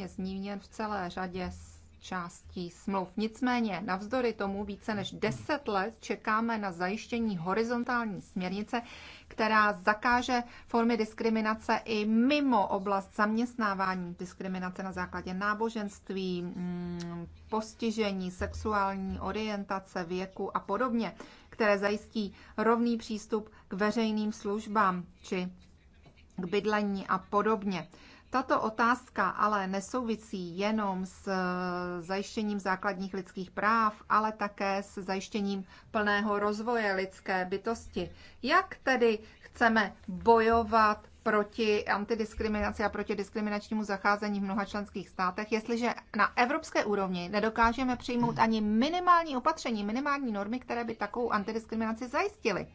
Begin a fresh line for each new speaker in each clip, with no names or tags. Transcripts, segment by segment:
jasně zmíněn v celé řadě částí smluv. Nicméně navzdory tomu více než 10 let čekáme na zajištění horizontální směrnice, která zakáže formy diskriminace i mimo oblast zaměstnávání, diskriminace na základě náboženství, mm, postižení, sexuální orientace, věku a podobně, které zajistí rovný přístup k veřejným službám či k bydlení a podobně. Tato otázka ale nesouvisí jenom s eh, zajištěním základních lidských práv, ale také s zajištěním plného rozvoje lidské bytosti. Jak tedy chceme bojovat proti antidiskriminaci a proti diskriminačnímu zacházení v mnoha členských státech, jestliže na evropské úrovni nedokážeme přijmout ani minimální opatření, minimální normy, které by takovou antidiskriminaci zajistily.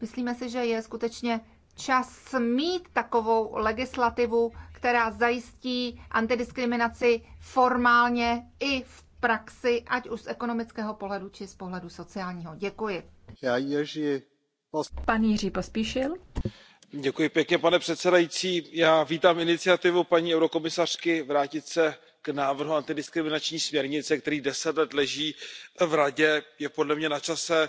Myslíme si, že je skutečně čas mít takovou legislativu, která zajistí antidiskriminaci formálně i v praxi, ať už z ekonomického pohledu, či z pohledu sociálního. Děkuji.
Já Jiří
Pan Jiří Pospíšil.
Děkuji pěkně, pane předsedající. Já vítám iniciativu paní eurokomisařky vrátit se k návrhu antidiskriminační směrnice který deset let leží v radě je podle mě na čase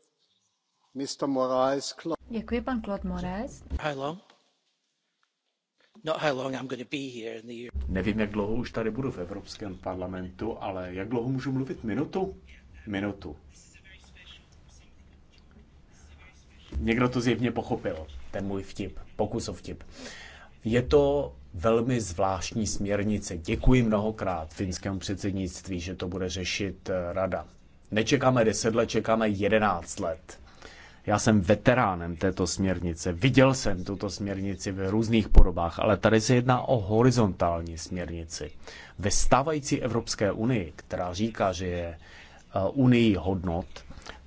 Děkuji, pan Claude Moraes. How long?
Not
how long I'm going to be here in the
Nevím, jak dlouho už tady budu v Evropském parlamentu, ale jak dlouho můžu mluvit? Minutu? Minutu. Někdo to zjevně pochopil, ten můj vtip, pokus o vtip. Je to velmi zvláštní směrnice. Děkuji mnohokrát finskému předsednictví, že to bude řešit eh, rada. Nečekáme 10 let, čekáme 11 let. Já jsem veteránem této směrnice. Viděl jsem tuto směrnici v různých podobách, ale tady se jedná o horizontální směrnici. Ve stávající Evropské unii, která říká, že je eh, unii hodnot,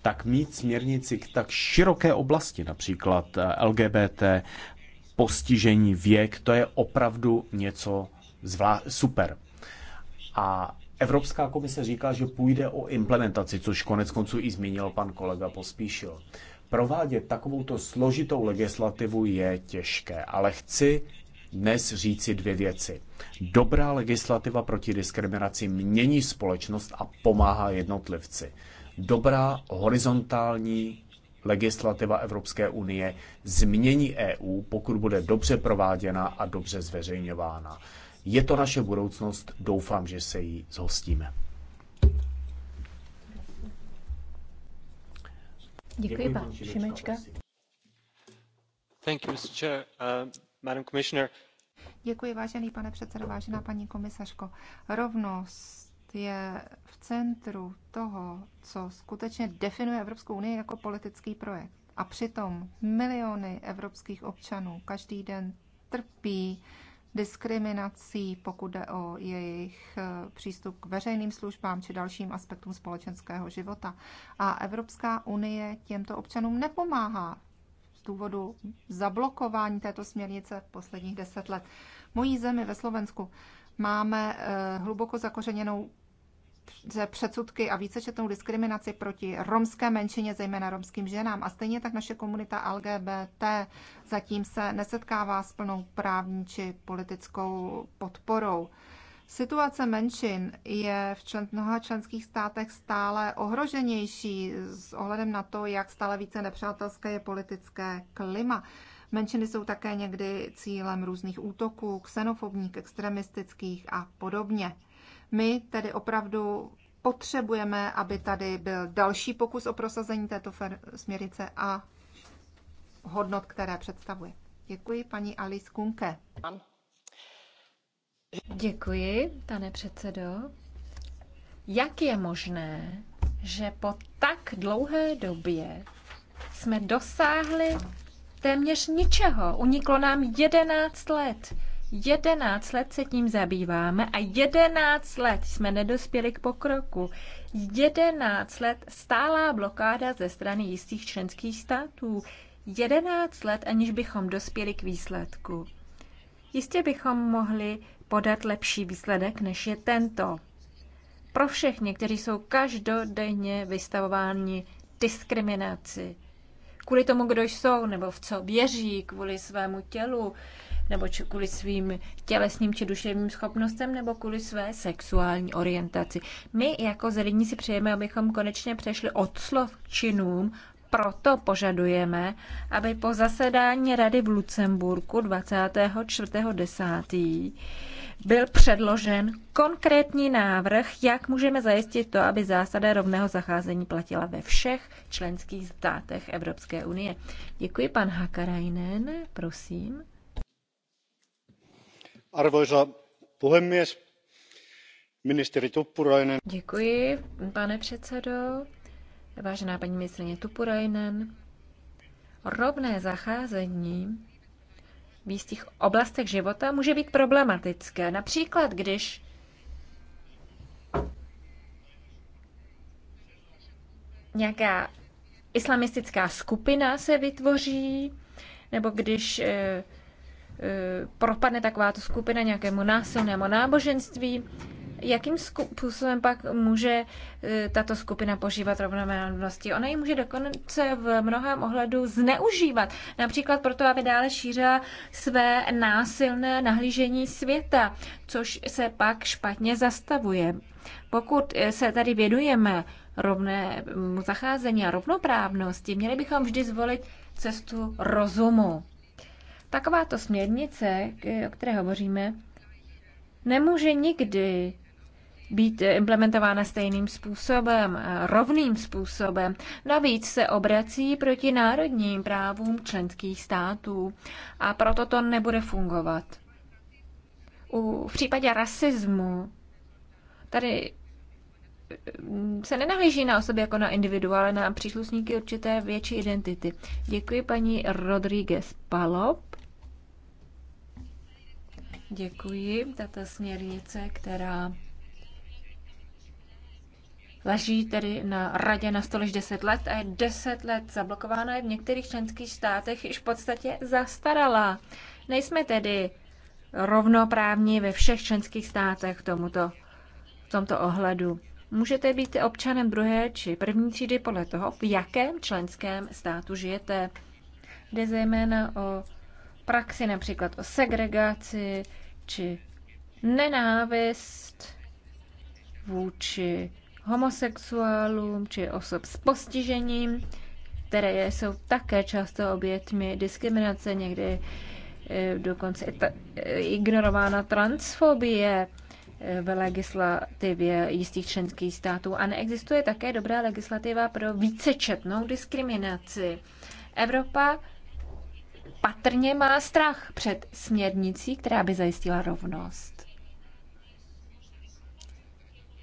tak mít směrnici k tak široké oblasti, například eh, LGBT, postižení, věk, to je opravdu něco zvlá- super. A Evropská komise říká, že půjde o implementaci, což konec konců i zmínil pan kolega Pospíšil provádět takovouto složitou legislativu je těžké, ale chci dnes říci dvě věci. Dobrá legislativa proti diskriminaci mění společnost a pomáhá jednotlivci. Dobrá horizontální legislativa Evropské unie změní EU, pokud bude dobře prováděna a dobře zveřejňována. Je to naše budoucnost, doufám, že se jí zhostíme.
Děkuji, pan Šimečka.
Uh,
Děkuji, vážený pane předsedo, vážená paní komisařko. Rovnost je v centru toho, co skutečně definuje Evropskou unii jako politický projekt. A přitom miliony evropských občanů každý den trpí diskriminací, pokud jde o jejich eh, přístup k veřejným službám či dalším aspektům společenského života. A Evropská unie těmto občanům nepomáhá z důvodu zablokování této směrnice v posledních deset let. Mojí zemi ve Slovensku máme eh, hluboko zakořeněnou že předsudky a vícečetnou diskriminaci proti romské menšině, zejména romským ženám. A stejně tak naše komunita LGBT zatím se nesetkává s plnou právní či politickou podporou. Situace menšin je v člen, mnoha členských státech stále ohroženější s ohledem na to, jak stále více nepřátelské je politické klima. Menšiny jsou také někdy cílem různých útoků, xenofobních, extremistických a podobně. My tedy opravdu potřebujeme, aby tady byl další pokus o prosazení této směrnice a hodnot, které představuje. Děkuji paní Alice Kunke. Děkuji, pane předsedo.
Jak je možné, že po tak dlouhé době jsme dosáhli téměř ničeho? Uniklo nám 11 let. Jedenáct let se tím zabýváme a jedenáct let jsme nedospěli k pokroku. Jedenáct let stálá blokáda ze strany jistých členských států. Jedenáct let, aniž bychom dospěli k výsledku. Jistě bychom mohli podat lepší výsledek, než je tento. Pro všechny, kteří jsou každodenně vystavováni diskriminaci. Kvůli tomu, kdo jsou nebo v co věří, kvůli svému tělu, nebo či kvůli svým tělesným či duševním schopnostem, nebo kvůli své sexuální orientaci. My jako zelení si přejeme, abychom konečně přešli od slov k činům, proto požadujeme, aby po zasedání Rady v Lucemburku 24.10. byl předložen konkrétní návrh, jak můžeme zajistit to, aby zásada rovného zacházení platila ve všech členských státech Evropské unie. Děkuji, pan Hakarajnen, prosím
arvoisa puhemies ministeri tuppurainen. Děkuji,
pane předsedo. Vážená paní ministrině Tupurajnen, rovné zacházení v jistých oblastech života může být problematické. Například, když nějaká islamistická skupina se vytvoří, nebo když eh, Eh, propadne takováto skupina nějakému násilnému náboženství, jakým způsobem pak může eh, tato skupina požívat rovnoměrnosti. Ona ji může dokonce v mnohém ohledu zneužívat, například proto, aby dále šířila své násilné nahlížení světa, což se pak špatně zastavuje. Pokud eh, se tady věnujeme rovnému zacházení a rovnoprávnosti, měli bychom vždy zvolit cestu rozumu. Takováto směrnice, o které hovoříme, nemůže nikdy být implementována stejným způsobem, rovným způsobem. Navíc se obrací proti národním právům členských států a proto to nebude fungovat. U, v případě rasismu tady mm, se nenahlíží na osoby jako na individu, ale na příslušníky určité větší identity. Děkuji paní Rodríguez Palop. Děkuji. Tato směrnice, která leží tedy na radě na stole 10 let a je 10 let zablokována, je v některých členských státech již v podstatě zastarala. Nejsme tedy rovnoprávní ve všech členských státech tomuto, v tomto ohledu. Můžete být občanem druhé či první třídy podle toho, v jakém členském státu žijete. Jde zejména o praxi, například o segregaci, či nenávist vůči homosexuálům či osob s postižením, které jsou také často obětmi diskriminace, někdy eh, dokonce eh, ignorována transfobie eh, v legislativě jistých členských států a neexistuje také dobrá legislativa pro vícečetnou diskriminaci. Evropa patrně má strach před směrnicí, která by zajistila rovnost.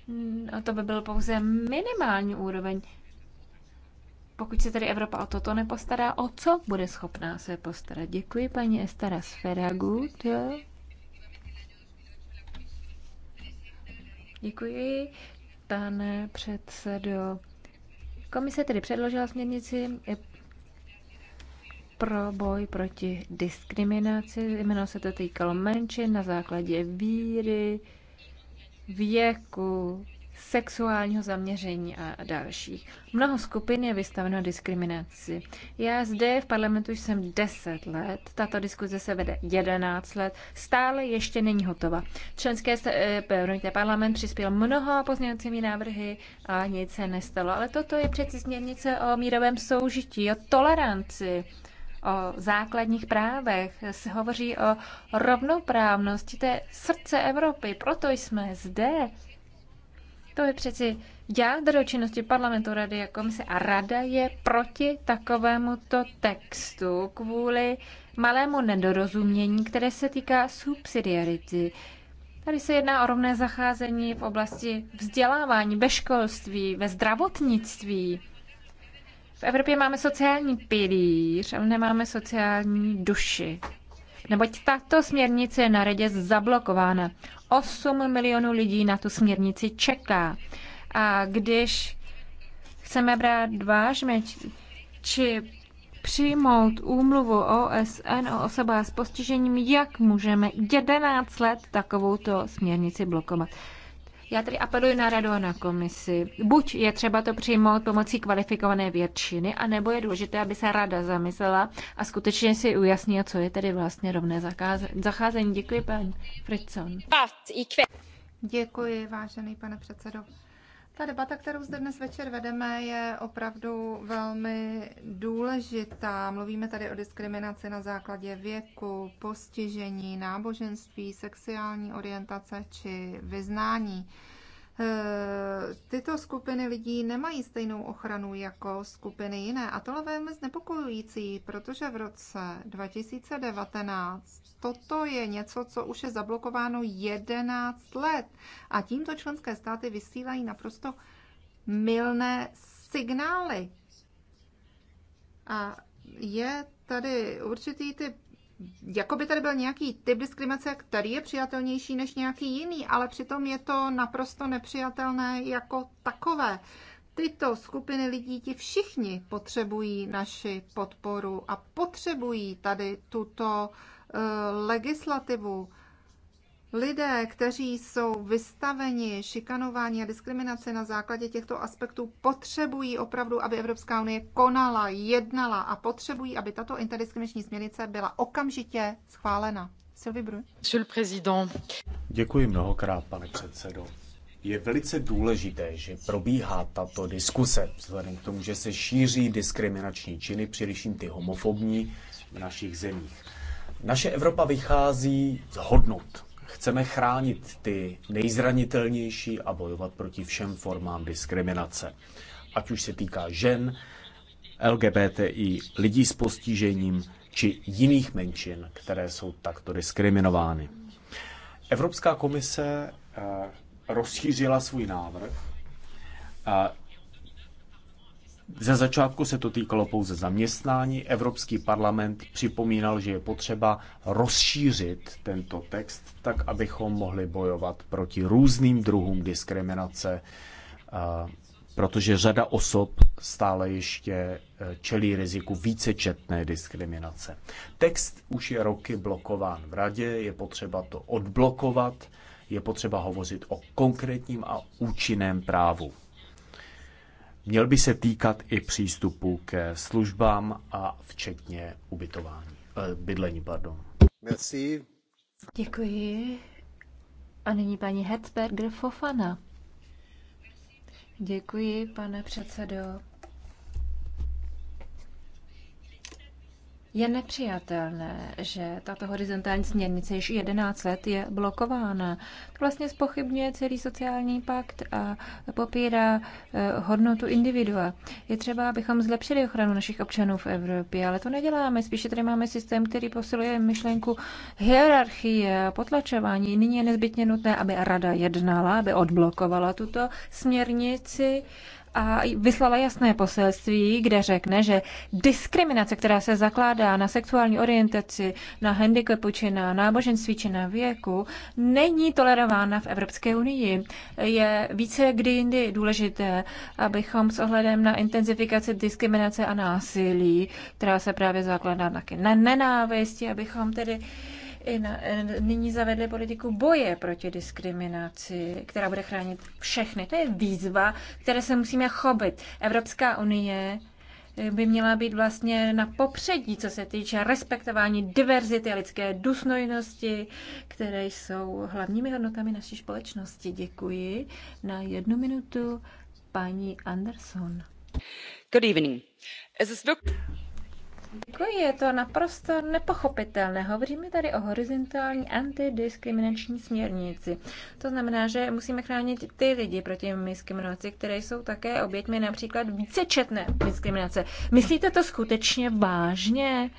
A no, to by byl pouze minimální úroveň. Pokud se tedy Evropa o toto nepostará, o co bude schopná se postarat? Děkuji paní Estara Sferagut. Děkuji, pane předsedo. Komise tedy předložila směrnici pro boj proti diskriminaci. Jméno se to týkalo menšin na základě víry, věku, sexuálního zaměření a dalších. Mnoho skupin je vystaveno diskriminaci. Já zde v parlamentu jsem 10 let, tato diskuze se vede 11 let, stále ještě není hotova. Členské se, eh, parlament přispěl mnoho pozměňovacími návrhy a nic se nestalo. Ale toto je přeci směrnice o mírovém soužití, o toleranci o základních právech, se hovoří o rovnoprávnosti, to je srdce Evropy, proto jsme zde. To je přeci jádro činnosti parlamentu, rady a komise a rada je proti takovémuto textu kvůli malému nedorozumění, které se týká subsidiarity. Tady se jedná o rovné zacházení v oblasti vzdělávání, ve školství, ve zdravotnictví. V Evropě máme sociální pilíř, ale nemáme sociální duši. Neboť tato směrnice je na radě zablokována. 8 milionů lidí na tu směrnici čeká. A když chceme brát vážně, či přijmout úmluvu OSN o osobách s postižením, jak můžeme 11 let takovouto směrnici blokovat. Já tedy apeluji na radu a na komisi. Buď je třeba to přijmout pomocí kvalifikované většiny, anebo je důležité, aby se rada zamyslela a skutečně si ujasnila, co je tedy vlastně rovné zacházení. Děkuji, pan Fritzon.
Děkuji, vážený pane předsedo. Ta debata, kterou zde dnes večer vedeme, je opravdu velmi důležitá. Mluvíme tady o diskriminaci na základě věku, postižení, náboženství, sexuální orientace či vyznání. E, tyto skupiny lidí nemají stejnou ochranu jako skupiny jiné a tohle velmi znepokojující, protože v roce 2019 toto je něco, co už je zablokováno 11 let. A tímto členské státy vysílají naprosto mylné signály. A je tady určitý typ, jako by tady byl nějaký typ diskriminace, který je přijatelnější než nějaký jiný, ale přitom je to naprosto nepřijatelné jako takové. Tyto skupiny lidí, ti všichni potřebují naši podporu a potřebují tady tuto uh, Eh, legislativu. Lidé, kteří jsou vystaveni šikanování a diskriminaci na základě těchto aspektů, potřebují opravdu, aby Evropská unie konala, jednala a potřebují, aby tato interdiskriminační směrnice byla okamžitě schválena. Sylvie Président.
Děkuji mnohokrát, pane předsedo. Je velice důležité, že probíhá tato diskuse, vzhledem k tomu, že se šíří diskriminační činy, především ty homofobní, v našich zemích. Naše Evropa vychází z hodnot. Chceme chránit ty nejzranitelnější a bojovat proti všem formám diskriminace. Ať už se týká žen, LGBTI, lidí s postižením či jiných menšin, které jsou takto diskriminovány. Evropská komise eh, rozšířila svůj návrh eh, ze začátku se to týkalo pouze zaměstnání. Evropský parlament připomínal, že je potřeba rozšířit tento text tak, abychom mohli bojovat proti různým druhům diskriminace, eh, protože řada osob stále ještě eh, čelí riziku vícečetné diskriminace. Text už je roky blokován v radě, je potřeba to odblokovat, je potřeba hovořit o konkrétním a účinném právu. Měl by se týkat i přístupu ke službám a včetně ubytování, eh, bydlení. Pardon. Merci.
Děkuji. A nyní paní Hetzberger Fofana. Děkuji, pane předsedo. Je nepřijatelné, že tato horizontální směrnice již 11 let je blokována. To vlastně spochybňuje celý sociální pakt a popírá eh, hodnotu individua. Je třeba, abychom zlepšili ochranu našich občanů v Evropě, ale to neděláme. Spíše tady máme systém, který posiluje myšlenku hierarchie a potlačování. Nyní je nezbytně nutné, aby rada jednala, aby odblokovala tuto směrnici a vyslala jasné poselství, kde řekne, že diskriminace, která se zakládá na sexuální orientaci, na handicapu či na náboženství či na věku, není tolerována v Evropské unii. Je více kdy jindy důležité, abychom s ohledem na intenzifikaci diskriminace a násilí, která se právě zakládá taky na nenávisti, abychom tedy i na, nyní zavedli politiku boje proti diskriminaci, která bude chránit všechny. To je výzva, které se musíme chobit. Evropská unie eh, by měla být vlastně na popředí, co se týče respektování diverzity a lidské důstojnosti, které jsou hlavními hodnotami naší společnosti. Děkuji. Na jednu minutu paní Anderson. Good evening. Děkuji, je to naprosto nepochopitelné. Hovoříme tady o horizontální antidiskriminační směrnici. To znamená, že musíme chránit ty lidi proti diskriminaci, které jsou také oběťmi například vícečetné diskriminace. Myslíte to skutečně vážně?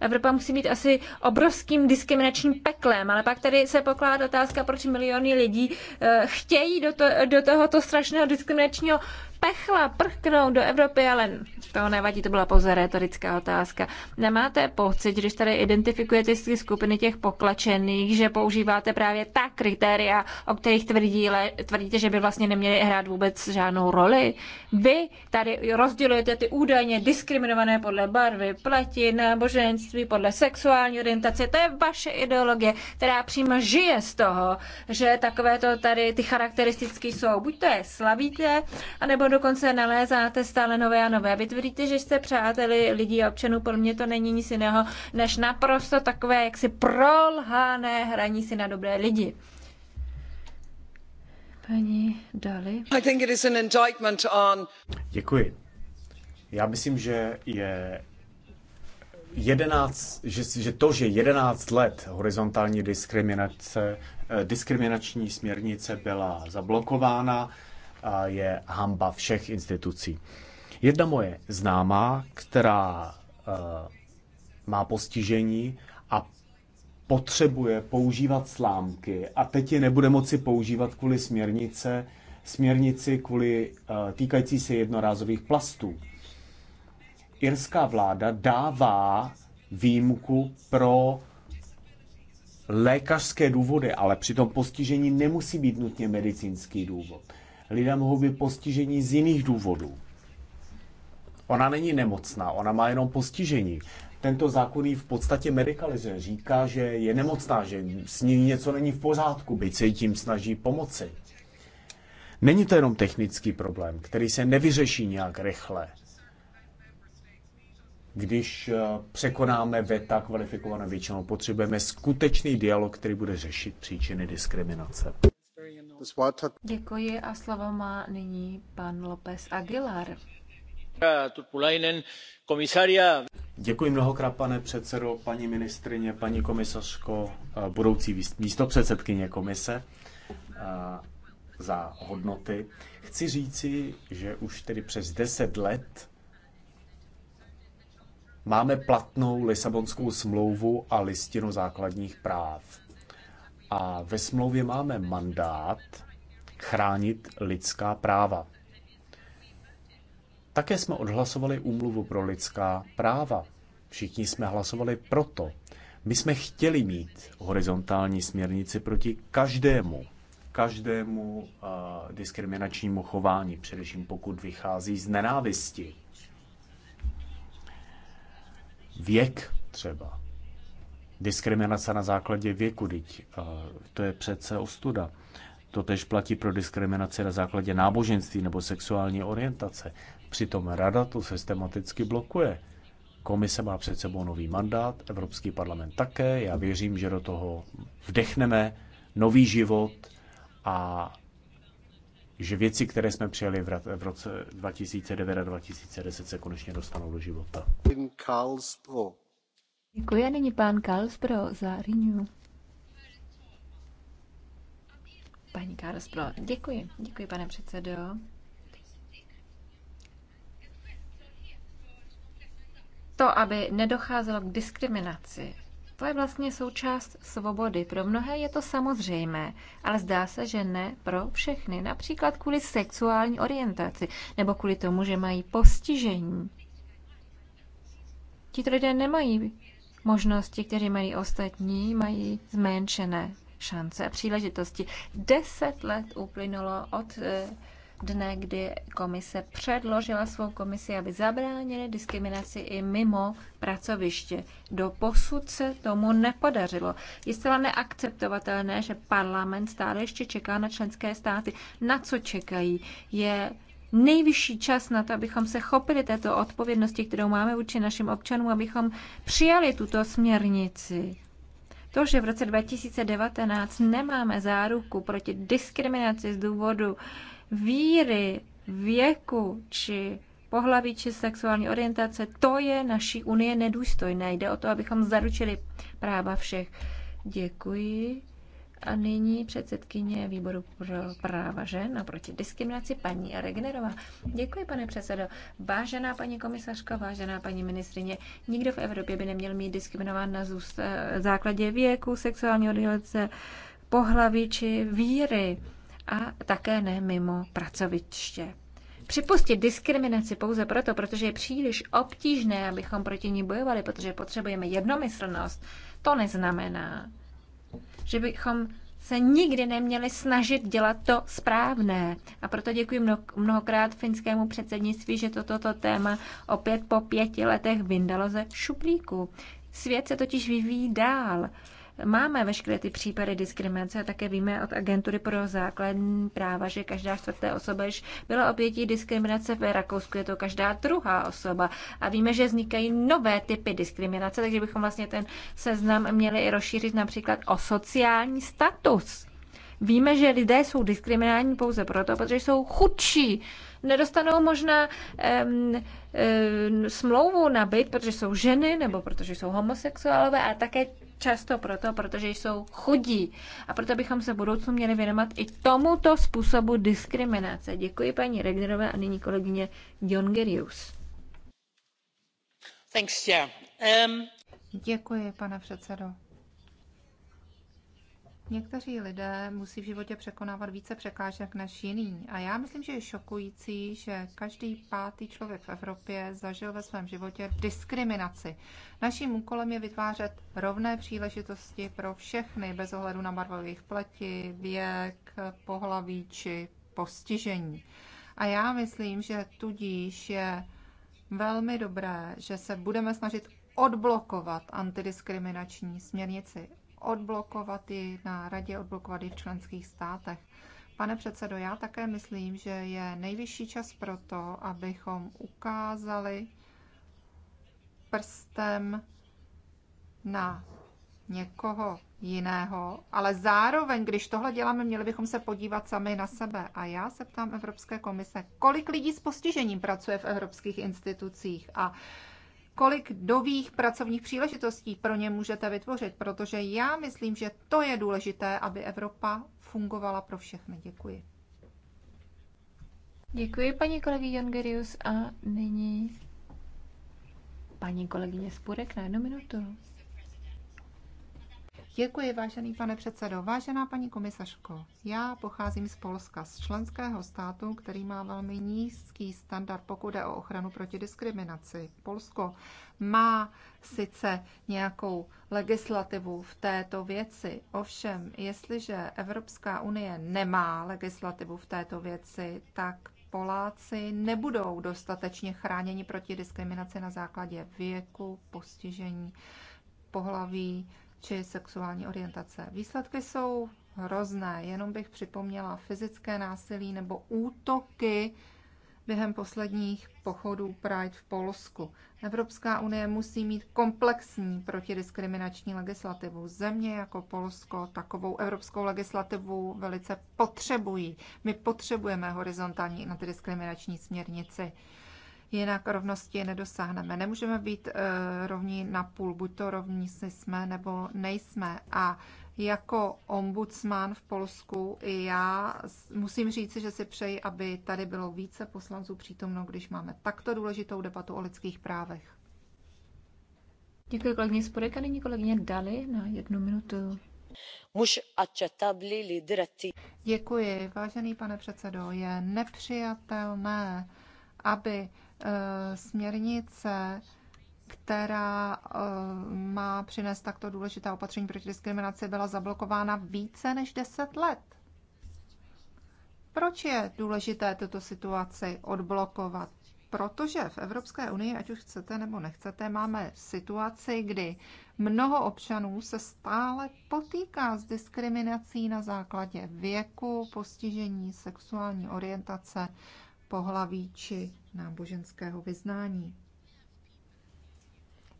Evropa musí být asi obrovským diskriminačním peklem, ale pak tady se pokládá otázka, proč miliony lidí eh, chtějí do, to, do tohoto strašného diskriminačního pechla prchnou do Evropy, ale to nevadí, to byla pouze retorická otázka. Nemáte pocit, když tady identifikujete ty skupiny těch poklačených, že používáte právě ta kritéria, o kterých tvrdí, le, tvrdíte, že by vlastně neměli hrát vůbec žádnou roli? Vy tady rozdělujete ty údajně diskriminované podle barvy, pleti, náboženství, podle sexuální orientace. To je vaše ideologie, která přímo žije z toho, že takovéto tady ty charakteristické jsou. Buď to je slavíte, anebo dokonce nalézáte stále nové a nové. Vy tvrdíte, že jste přáteli lidí a občanů, pro mě to není nic jiného, než naprosto takové jaksi prolhané hraní si na dobré lidi. Paní
Dali. I think it is an indictment on...
Děkuji. Já myslím, že je 11, že, že to, že 11 let horizontální diskriminace, eh, diskriminační směrnice byla zablokována, je hamba všech institucí. Jedna moje známá, která eh, má postižení a potřebuje používat slámky a teď je nebude moci používat kvůli směrnice, směrnici kvůli eh, týkající se jednorázových plastů. Irská vláda dává výjimku pro lékařské důvody, ale při tom postižení nemusí být nutně medicínský důvod lidé mohou být postižení z jiných důvodů. Ona není nemocná, ona má jenom postižení. Tento zákon ji v podstatě medicalizuje. Říká, že je nemocná, že s ní něco není v pořádku, byť se jí tím snaží pomoci. Není to jenom technický problém, který se nevyřeší nějak rychle. Když eh, překonáme veta kvalifikované většinou, potřebujeme skutečný dialog, který bude řešit příčiny diskriminace. Děkuji
a slovo má nyní pan López Aguilar.
Děkuji mnohokrát, pane předsedo, paní ministrině, paní komisařko, budoucí místopředsedkyně komise za hodnoty. Chci říci, že už tedy přes 10 let máme platnou Lisabonskou smlouvu a listinu základních práv. A ve smlouvě máme mandát chránit lidská práva. Také jsme odhlasovali úmluvu pro lidská práva. Všichni jsme hlasovali proto. My jsme chtěli mít horizontální směrnici proti každému, každému uh, diskriminačnímu chování, především pokud vychází z nenávisti. Věk třeba diskriminace na základě věku, teď, eh, to je přece ostuda. To tež platí pro diskriminaci na základě náboženství nebo sexuální orientace. Přitom rada to systematicky blokuje. Komise má před sebou nový mandát, Evropský parlament také. Já věřím, že do toho vdechneme nový život a že věci, které jsme přijali v roce 2009 a 2010, se konečně dostanou do života.
Děkuji a nyní pán Karlsbro za Renew. Paní Karlsbro, děkuji. Děkuji, pane předsedo. To, aby nedocházelo k diskriminaci, to je vlastně součást svobody. Pro mnohé je to samozřejmé, ale zdá se, že ne pro všechny. Například kvůli sexuální orientaci nebo kvůli tomu, že mají postižení. Tito lidé nemají možnosti, které mají ostatní, mají zmenšené šance a příležitosti. Deset let uplynulo od eh, dne, kdy komise předložila svou komisi, aby zabránili diskriminaci i mimo pracoviště. Do posud se tomu nepodařilo. Je zcela neakceptovatelné, že parlament stále ještě čeká na členské státy. Na co čekají? Je nejvyšší čas na to, abychom se chopili této odpovědnosti, kterou máme vůči našim občanům, abychom přijali tuto směrnici. To, že v roce 2019 nemáme záruku proti diskriminaci z důvodu víry, věku či pohlaví či sexuální orientace, to je naší unie nedůstojné. Jde o to, abychom zaručili práva všech. Děkuji. A nyní předsedkyně výboru pro práva žen a proti diskriminaci paní Regnerová. Děkuji, pane předsedo. Vážená paní komisařka, vážená paní ministrině, nikdo v Evropě by neměl mít diskriminován na základě věku, sexuální orientace, pohlaví či víry a také ne mimo pracoviště. Připustit diskriminaci pouze proto, protože je příliš obtížné, abychom proti ní bojovali, protože potřebujeme jednomyslnost, to neznamená, že bychom se nikdy neměli snažit dělat to správné. A proto děkuji mnohokrát finskému předsednictví, že toto to, to téma opět po pěti letech vyndalo ze šuplíku. Svět se totiž vyvíjí dál máme veškeré ty případy diskriminace a také víme od agentury pro základní práva, že každá čtvrtá osoba již byla obětí diskriminace v Rakousku, je to každá druhá osoba. A víme, že vznikají nové typy diskriminace, takže bychom vlastně ten seznam měli i rozšířit například o sociální status. Víme, že lidé jsou diskriminální pouze proto, protože jsou chudší, nedostanou možná um, um, smlouvu na byt, protože jsou ženy nebo protože jsou homosexuálové, ale také často proto, protože jsou chudí. A proto bychom se v budoucnu měli věnovat i tomuto způsobu diskriminace. Děkuji paní Regnerové a nyní kolegyně Jongerius.
Thanks, yeah. um... Děkuji, pane předsedo. Někteří lidé musí v životě překonávat více překážek než jiný. A já myslím, že je šokující, že každý pátý člověk v Evropě zažil ve svém životě diskriminaci. Naším úkolem je vytvářet rovné příležitosti pro všechny, bez ohledu na barvu jejich pleti, věk, pohlaví či postižení. A já myslím, že tudíž je velmi dobré, že se budeme snažit odblokovat antidiskriminační směrnici odblokovat ji na radě, odblokovat ji v členských státech. Pane předsedo, já také myslím, že je nejvyšší čas pro to, abychom ukázali prstem na někoho jiného, ale zároveň, když tohle děláme, měli bychom se podívat sami na sebe. A já se ptám Evropské komise, kolik lidí s postižením pracuje v evropských institucích a kolik nových pracovních příležitostí pro ně můžete vytvořit, protože já myslím, že to je důležité, aby Evropa fungovala pro všechny. Děkuji. Děkuji paní kolegy Jongerius a nyní paní kolegyně Spurek na jednu minutu. Děkuji, vážený pane předsedo. Vážená paní komisařko, já pocházím z Polska, z členského státu, který má velmi nízký standard, pokud jde o ochranu proti diskriminaci. Polsko má sice nějakou legislativu v této věci, ovšem, jestliže Evropská unie nemá legislativu v této věci, tak Poláci nebudou dostatečně chráněni proti diskriminaci na základě věku, postižení, pohlaví, či sexuální orientace. Výsledky jsou hrozné, jenom bych připomněla fyzické násilí nebo útoky během posledních pochodů Pride v Polsku. Evropská unie musí mít komplexní protidiskriminační legislativu. Země jako Polsko takovou evropskou legislativu velice potřebují. My potřebujeme horizontální antidiskriminační směrnici jinak rovnosti nedosáhneme. Nemůžeme být eh, rovní na půl, buď to rovní si jsme nebo nejsme. A jako ombudsman v Polsku i já musím říct, že si přeji, aby tady bylo více poslanců přítomno, když máme takto důležitou debatu o lidských právech. Děkuji kolegyně Sporek a nyní kolegyně Dali na jednu minutu. Děkuji, vážený pane předsedo. Je nepřijatelné, aby Eh, směrnice, která eh, má přinést takto důležitá opatření proti diskriminaci, byla zablokována více než 10 let. Proč je důležité tuto situaci odblokovat? Protože v Evropské unii, ať už chcete nebo nechcete, máme situaci, kdy mnoho občanů se stále potýká s diskriminací na základě věku, postižení, sexuální orientace, pohlaví či náboženského vyznání.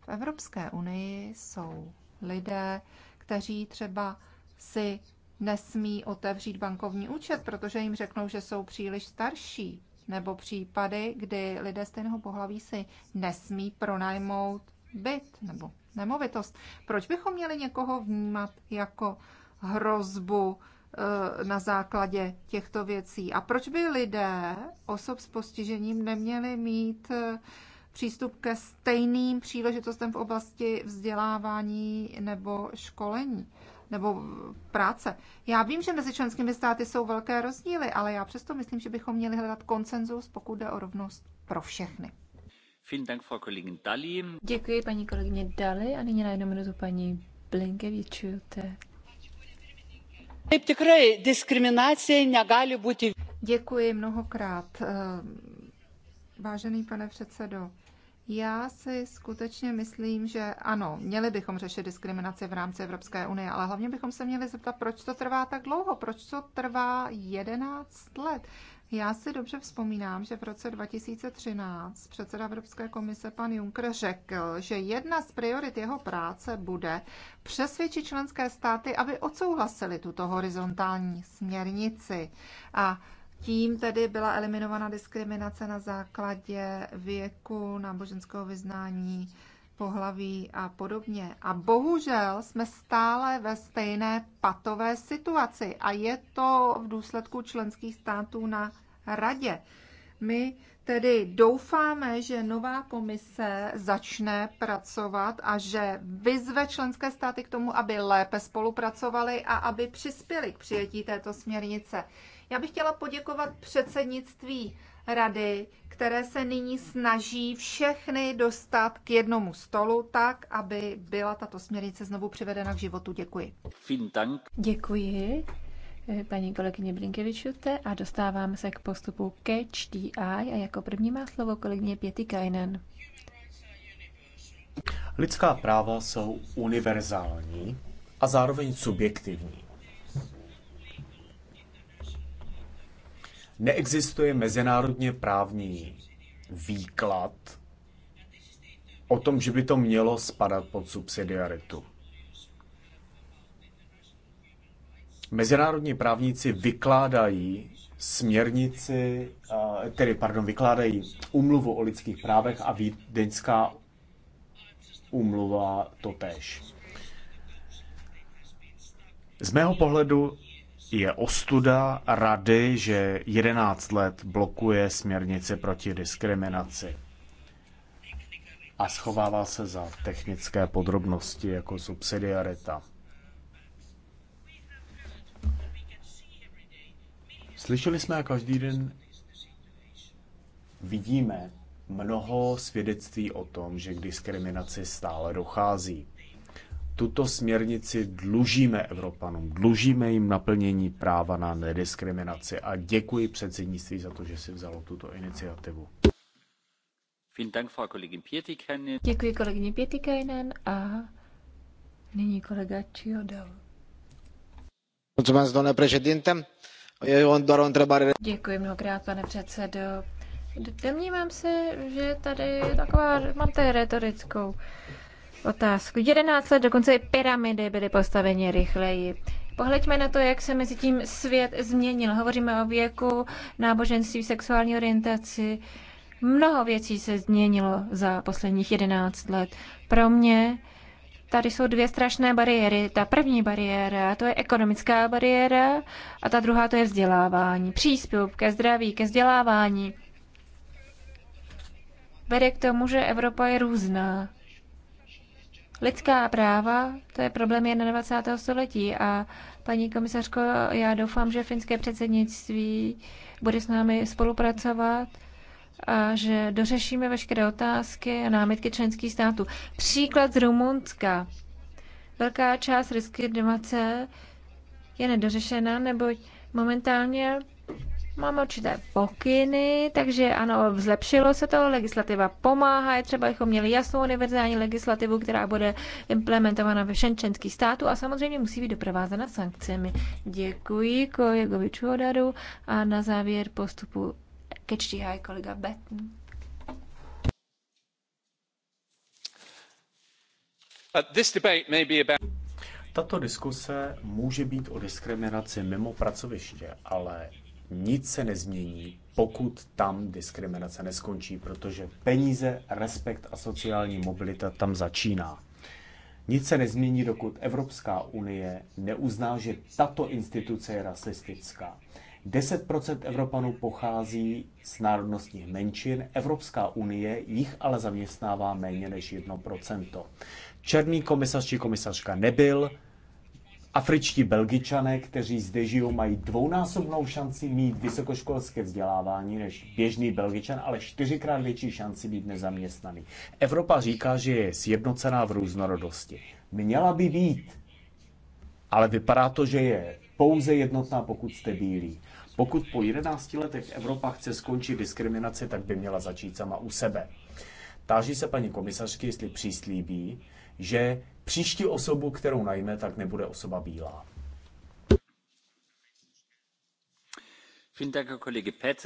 V Evropské unii jsou lidé, kteří třeba si nesmí otevřít bankovní účet, protože jim řeknou, že jsou příliš starší, nebo případy, kdy lidé stejného pohlaví si nesmí pronajmout byt nebo nemovitost. Proč bychom měli někoho vnímat jako hrozbu, Eh, na základě těchto věcí. A proč by lidé osob s postižením neměli mít eh, přístup ke stejným příležitostem v oblasti vzdělávání nebo školení nebo práce. Já vím, že mezi členskými státy jsou velké rozdíly, ale já přesto myslím, že bychom měli hledat konsenzus, pokud jde o rovnost pro všechny. Děkuji paní kolegyně Dali a nyní na jednu minutu paní Blinkevičujte. Děkuji mnohokrát. Eh, vážený pane předsedo, já si skutečně myslím, že ano, měli bychom řešit diskriminaci v rámci Evropské unie, ale hlavně bychom se měli zeptat, proč to trvá tak dlouho, proč to trvá 11 let. Já si dobře vzpomínám, že v roce 2013 předseda Evropské komise pan Juncker řekl, že jedna z priorit jeho práce bude přesvědčit členské státy, aby odsouhlasili tuto horizontální směrnici. A tím tedy byla eliminována diskriminace na základě věku, náboženského vyznání, pohlaví a podobně. A bohužel jsme stále ve stejné patové situaci a je to v důsledku členských států na radě. My tedy doufáme, že nová komise začne pracovat a že vyzve členské státy k tomu, aby lépe spolupracovali a aby přispěli k přijetí této směrnice. Já bych chtěla poděkovat předsednictví rady, které se nyní snaží všechny dostat k jednomu stolu tak, aby byla tato směrnice znovu přivedena k životu. Děkuji. Děkuji eh, paní kolegyně Brinkevičute a dostáváme
se k postupu Catch DI a jako první má slovo kolegyně Pěty Kajnen.
Lidská práva jsou univerzální a zároveň subjektivní. Neexistuje mezinárodně právní výklad o tom, že by to mělo spadat pod subsidiaritu. Mezinárodní právníci vykládají směrnici, tedy pardon, vykládají umluvu o lidských právech a vídeňská umluva totéž. Z mého pohledu je ostuda rady, že 11 let blokuje směrnici proti diskriminaci a schovává se za technické podrobnosti jako subsidiarita. Slyšeli jsme a každý den vidíme mnoho svědectví o tom, že k diskriminaci stále dochází tuto směrnici dlužíme Evropanům, dlužíme jim naplnění práva na nediskriminaci a děkuji předsednictví za to, že si vzalo tuto iniciativu.
Děkuji kolegyni Pietikainen a nyní kolega Čiodel. E děkuji mnohokrát, pane předsedo. Domnívám se, že tady taková, mám tady retorickou otázku. 11 let dokonce i pyramidy byly postaveny rychleji. Pohleďme na to, jak se mezi tím svět změnil. Hovoříme o věku, náboženství, sexuální orientaci. Mnoho věcí se změnilo za posledních 11 let. Pro mě tady jsou dvě strašné bariéry. Ta první bariéra, to je ekonomická bariéra a ta druhá to je vzdělávání. Přístup ke zdraví, ke vzdělávání vede k tomu, že Evropa je různá Lidská práva, to je problém 21. století a paní komisařko, já doufám, že finské předsednictví bude s námi spolupracovat a že dořešíme veškeré otázky a námitky členských států. Příklad z Rumunska. Velká část diskriminace je nedořešena, neboť momentálně Máme určité pokyny, takže ano, zlepšilo se to, legislativa pomáhá, je třeba, abychom měli jasnou univerzální legislativu, která bude implementována ve všem členských státu a samozřejmě musí být doprovázena sankcemi. Děkuji kolegovi Čuhodaru a na závěr postupu ke čtíhaj kolega Betten.
Uh,
Tato diskuse může být o diskriminaci mimo pracoviště, ale nic se nezmění, pokud tam diskriminace neskončí, protože peníze, respekt a sociální mobilita tam začíná. Nic se nezmění, dokud Evropská unie neuzná, že tato instituce je rasistická. 10% Evropanů pochází z národnostních menšin, Evropská unie jich ale zaměstnává méně než 1%. Černý komisař či komisařka nebyl, Afričtí belgičané, kteří zde žijou, mají dvounásobnou šanci mít vysokoškolské vzdělávání než běžný belgičan, ale čtyřikrát větší šanci být nezaměstnaný. Evropa říká, že je sjednocená v různorodosti. Měla by být, ale vypadá to, že je pouze jednotná, pokud jste bílí. Pokud po 11 letech Evropa chce skončit diskriminaci, tak by měla začít sama u sebe. Táží se paní komisařky, jestli příslíbí, že příští osobu, kterou najme, tak nebude osoba bílá.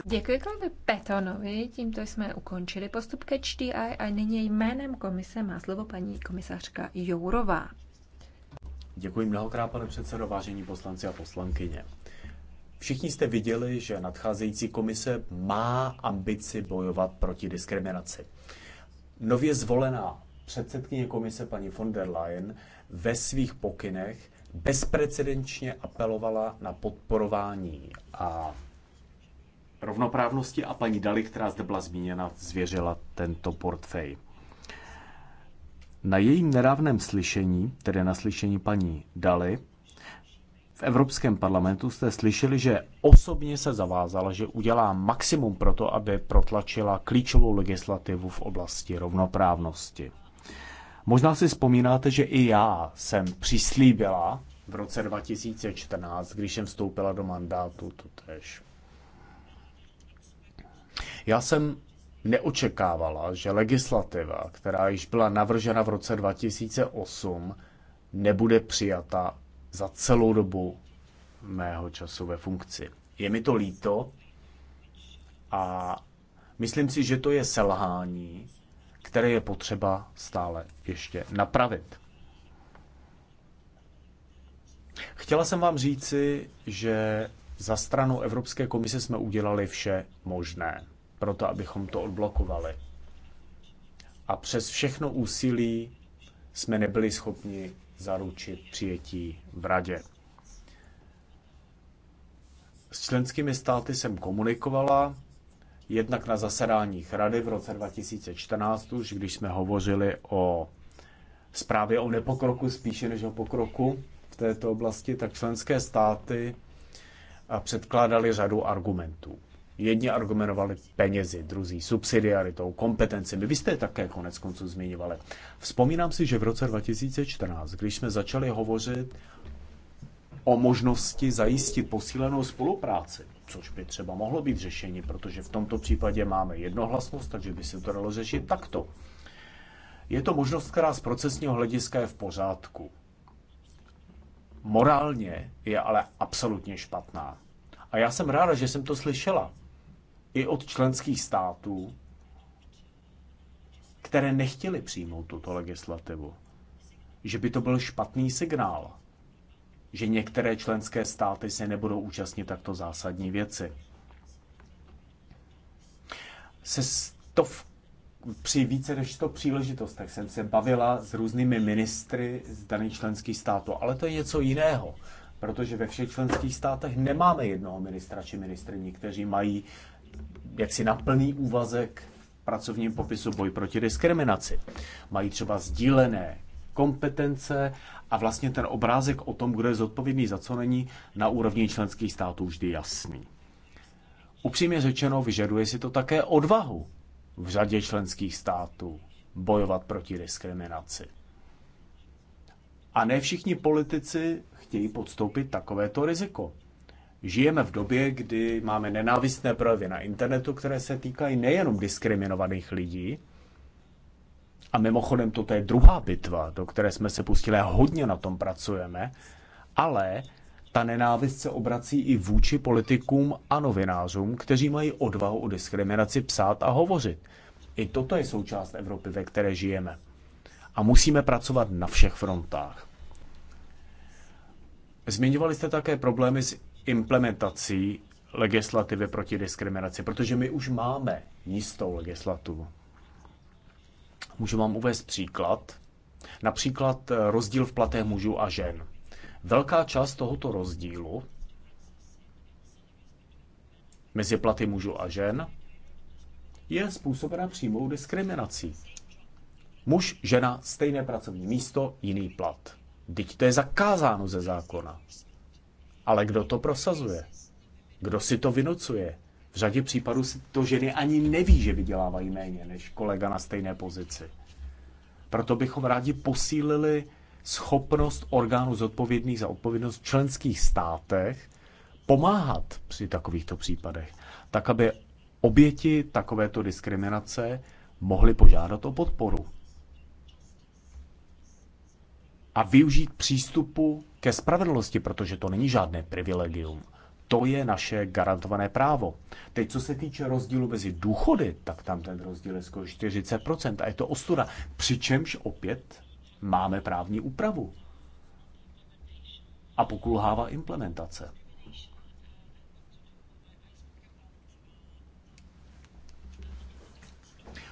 Děkuji
kolegovi Petonovi, tímto jsme ukončili postup ke HDI a nyní jménem komise má slovo paní komisařka Jourová.
Děkuji mnohokrát, pane předsedo, vážení poslanci a poslankyně. Všichni jste viděli, že nadcházející komise má ambici bojovat proti diskriminaci. Nově zvolená předsedkyně komise paní von der Leyen ve svých pokynech bezprecedenčně apelovala na podporování a rovnoprávnosti a paní Dali, která zde byla zmíněna, zvěřila tento portfej. Na jejím nedávném slyšení, tedy na slyšení paní Dali, v Evropském parlamentu jste slyšeli, že osobně se zavázala, že udělá maximum pro to, aby protlačila klíčovou legislativu v oblasti rovnoprávnosti. Možná si vzpomínáte, že i já jsem přislíbila v roce 2014, když jsem vstoupila do mandátu, to tež. Já jsem neočekávala, že legislativa, která již byla navržena v roce 2008, nebude přijata za celou dobu mého času ve funkci. Je mi to líto a myslím si, že to je selhání které je potřeba stále ještě napravit. Chtěla jsem vám říci, že za stranu Evropské komise jsme udělali vše možné, proto abychom to odblokovali. A přes všechno úsilí jsme nebyli schopni zaručit přijetí v radě. S členskými státy jsem komunikovala, Jednak na zasedáních rady v roce 2014, už když jsme hovořili o zprávě o nepokroku spíše než o pokroku v této oblasti, tak členské státy předkládali řadu argumentů. Jedni argumentovali penězi, druzí subsidiaritou, kompetenci. Vy jste je také konec konců zmiňovali. Vzpomínám si, že v roce 2014, když jsme začali hovořit o možnosti zajistit posílenou spolupráci což by třeba mohlo být řešení, protože v tomto případě máme jednohlasnost, takže by se to dalo řešit takto. Je to možnost, která z procesního hlediska je v pořádku. Morálně je ale absolutně špatná. A já jsem ráda, že jsem to slyšela. I od členských států, které nechtěli přijmout tuto legislativu. Že by to byl špatný signál že některé členské státy se nebudou účastnit takto zásadní věci. Se stov, při více než 100 příležitostech jsem se bavila s různými ministry z daných členských států, ale to je něco jiného, protože ve všech členských státech nemáme jednoho ministra či ministrní, kteří mají jaksi na plný úvazek v pracovním popisu boj proti diskriminaci. Mají třeba sdílené kompetence a vlastně ten obrázek o tom, kdo je zodpovědný za co není, na úrovni členských států vždy jasný. Upřímně řečeno, vyžaduje si to také odvahu v řadě členských států bojovat proti diskriminaci. A ne všichni politici chtějí podstoupit takovéto riziko. Žijeme v době, kdy máme nenávistné projevy na internetu, které se týkají nejenom diskriminovaných lidí, a mimochodem, toto je druhá bitva, do které jsme se pustili a hodně na tom pracujeme, ale ta nenávist se obrací i vůči politikům a novinářům, kteří mají odvahu o diskriminaci psát a hovořit. I toto je součást Evropy, ve které žijeme. A musíme pracovat na všech frontách. Zmiňovali jste také problémy s implementací legislativy proti diskriminaci, protože my už máme jistou legislativu. Můžu vám uvést příklad. Například eh, rozdíl v platech mužů a žen. Velká část tohoto rozdílu mezi platy mužů a žen je způsobena přímou diskriminací. Muž, žena, stejné pracovní místo, jiný plat. Teď to je zakázáno ze zákona. Ale kdo to prosazuje? Kdo si to vynocuje? V řadě případů to ženy ani neví, že vydělávají méně než kolega na stejné pozici. Proto bychom rádi posílili schopnost orgánů zodpovědných za odpovědnost v členských státech pomáhat při takovýchto případech, tak aby oběti takovéto diskriminace mohly požádat o podporu a využít přístupu ke spravedlnosti, protože to není žádné privilegium. To je naše garantované právo. Teď, co se týče rozdílu mezi důchody, tak tam ten rozdíl je skoro 40% a je to ostuda. Přičemž opět máme právní úpravu. A pokulhává implementace.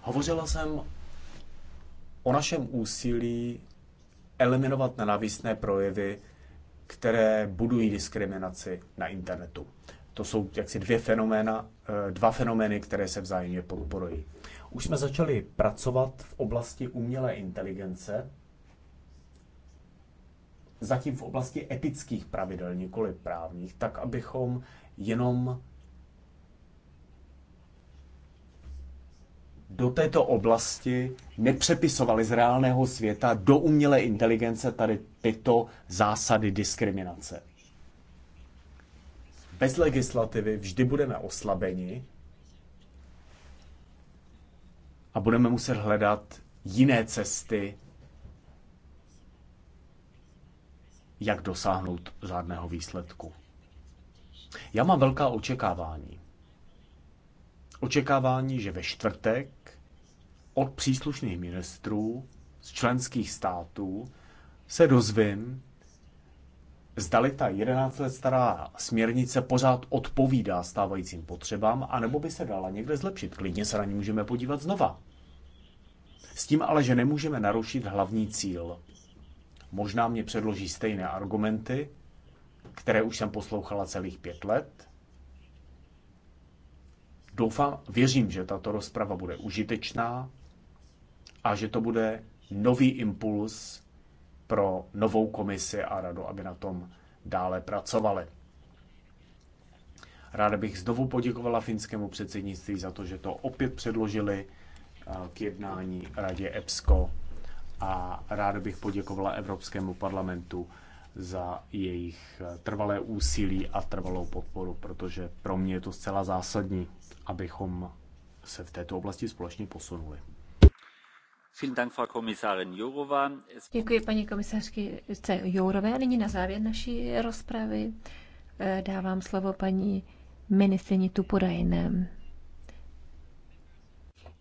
Hovořila jsem o našem úsilí eliminovat nenávistné projevy které budují diskriminaci na internetu. To jsou jaksi dvě fenoména, eh, dva fenomény, které se vzájemně podporují. Už jsme začali pracovat v oblasti umělé inteligence, zatím v oblasti etických pravidel, nikoli právních, tak abychom jenom do této oblasti nepřepisovali z reálného světa do umělé inteligence tady tyto zásady diskriminace. Bez legislativy vždy budeme oslabeni a budeme muset hledat jiné cesty, jak dosáhnout žádného výsledku. Já mám velká očekávání. Očekávání, že ve čtvrtek od příslušných ministrů z členských států se dozvím, zdali ta 11 let stará směrnice pořád odpovídá stávajícím potřebám, anebo by se dala někde zlepšit. Klidně se na ní můžeme podívat znova. S tím ale, že nemůžeme narušit hlavní cíl. Možná mě předloží stejné argumenty, které už jsem poslouchala celých pět let. Doufám, věřím, že tato rozprava bude užitečná, a že to bude nový impuls pro novou komisi a radu, aby na tom dále pracovali. Ráda bych znovu poděkovala finskému předsednictví za to, že to opět předložili eh, k jednání radě EPSCO a ráda bych poděkovala Evropskému parlamentu za jejich eh, trvalé úsilí a trvalou podporu, protože pro mě je to zcela zásadní, abychom se v této oblasti společně posunuli.
Děkuji paní komisařce Jourové. Nyní na závěr naší rozpravy eh, dávám slovo paní ministrině Tupurajné.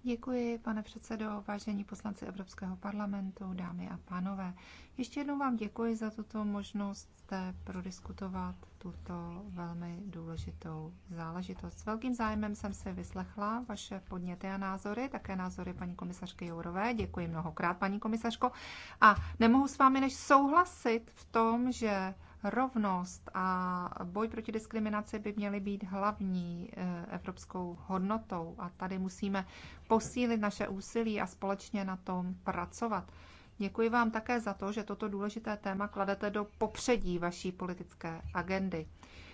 Děkuji, pane předsedo, vážení poslanci Evropského parlamentu, dámy a pánové. Ještě jednou vám děkuji za tuto možnost zde prodiskutovat tuto velmi důležitou záležitost. S velkým zájmem jsem se vyslechla vaše podněty a názory, také názory paní komisařky Jourové. Děkuji mnohokrát, paní komisařko. A nemohu s vámi než souhlasit v tom, že Rovnost a boj proti diskriminaci by měly být hlavní eh, evropskou hodnotou a tady musíme posílit naše úsilí a společně na tom pracovat. Děkuji vám také za to, že toto důležité téma kladete do popředí vaší politické agendy.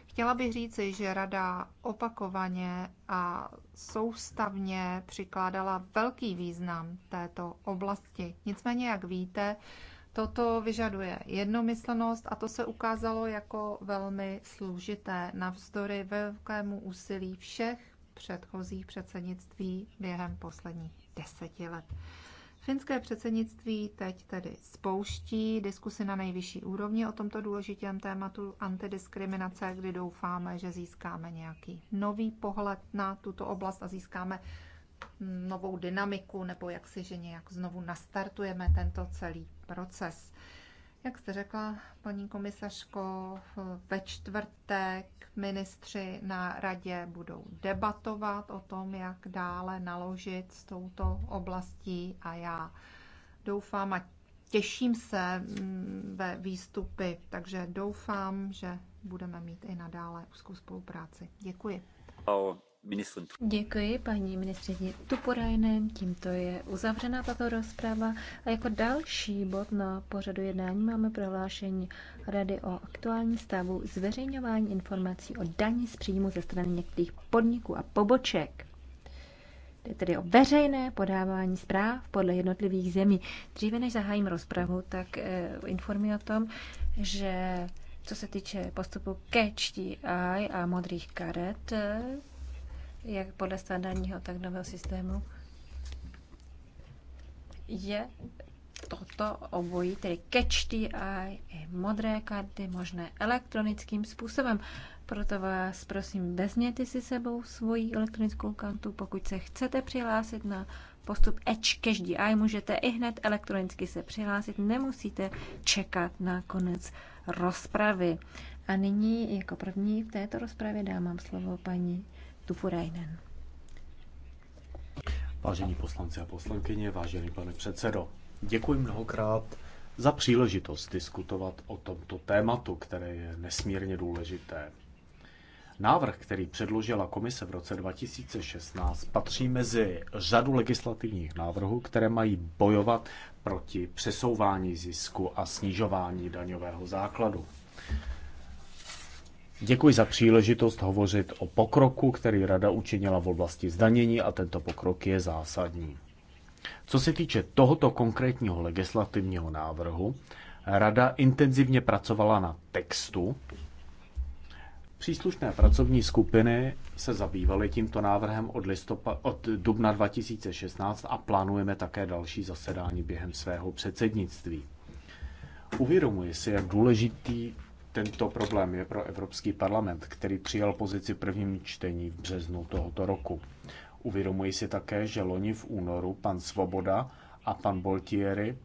Chtěla bych říci, že Rada opakovaně a soustavně přikládala velký význam této oblasti. Nicméně, jak víte, Toto vyžaduje jednomyslnost a to se ukázalo jako velmi služité navzdory velkému úsilí všech předchozích předsednictví během posledních deseti let. Finské předsednictví teď tedy spouští diskusy na nejvyšší úrovni o tomto důležitém tématu antidiskriminace, kdy doufáme, že získáme nějaký nový pohled na tuto oblast a získáme novou dynamiku nebo jak si, že nějak znovu nastartujeme tento celý proces. Jak jste řekla, paní komisařko, ve čtvrtek ministři na radě budou debatovat o tom, jak dále naložit s touto oblastí a já doufám a těším se mm, ve výstupy, takže doufám, že budeme mít i nadále úzkou spolupráci. Děkuji.
Děkuji paní ministrině Tupurajnen. Tímto je uzavřena tato rozprava. A jako další bod na pořadu jednání máme prohlášení Rady o aktuálním stavu zveřejňování informací o daní z příjmu ze strany některých podniků a poboček. Jde tedy o veřejné podávání zpráv podle jednotlivých zemí. Dříve než zahájím rozpravu, tak eh, informuji o tom, že co se týče postupu catch a modrých karet, eh, jak podle standardního, tak nového systému, je toto obojí, tedy catch the eye, i modré karty, možné elektronickým způsobem. Proto vás prosím, vezměte si sebou svoji elektronickou kartu. Pokud se chcete přihlásit na postup Edge Cash DI, můžete i hned elektronicky se přihlásit, nemusíte čekat na konec rozpravy. A nyní jako první v této rozpravě vám slovo paní Tupurainen.
Vážení poslanci a poslankyně, vážený pane předsedo, děkuji mnohokrát za příležitost diskutovat o tomto tématu, které je nesmírně důležité. Návrh, který předložila komise v roce 2016, patří mezi řadu legislativních návrhů, které mají bojovat proti přesouvání zisku a snižování daňového základu. Děkuji za příležitost hovořit o pokroku, který Rada učinila v oblasti zdanění a tento pokrok je zásadní. Co se týče tohoto konkrétního legislativního návrhu, Rada intenzivně pracovala na textu. Příslušné pracovní skupiny se zabývaly tímto návrhem od, listopad, od dubna 2016 a plánujeme také další zasedání během svého předsednictví. Uvědomuji si, jak důležitý tento problém je pro Evropský parlament, který přijal pozici prvním čtení v březnu tohoto roku. Uvědomuji si také, že loni v únoru pan Svoboda a pan Boltieri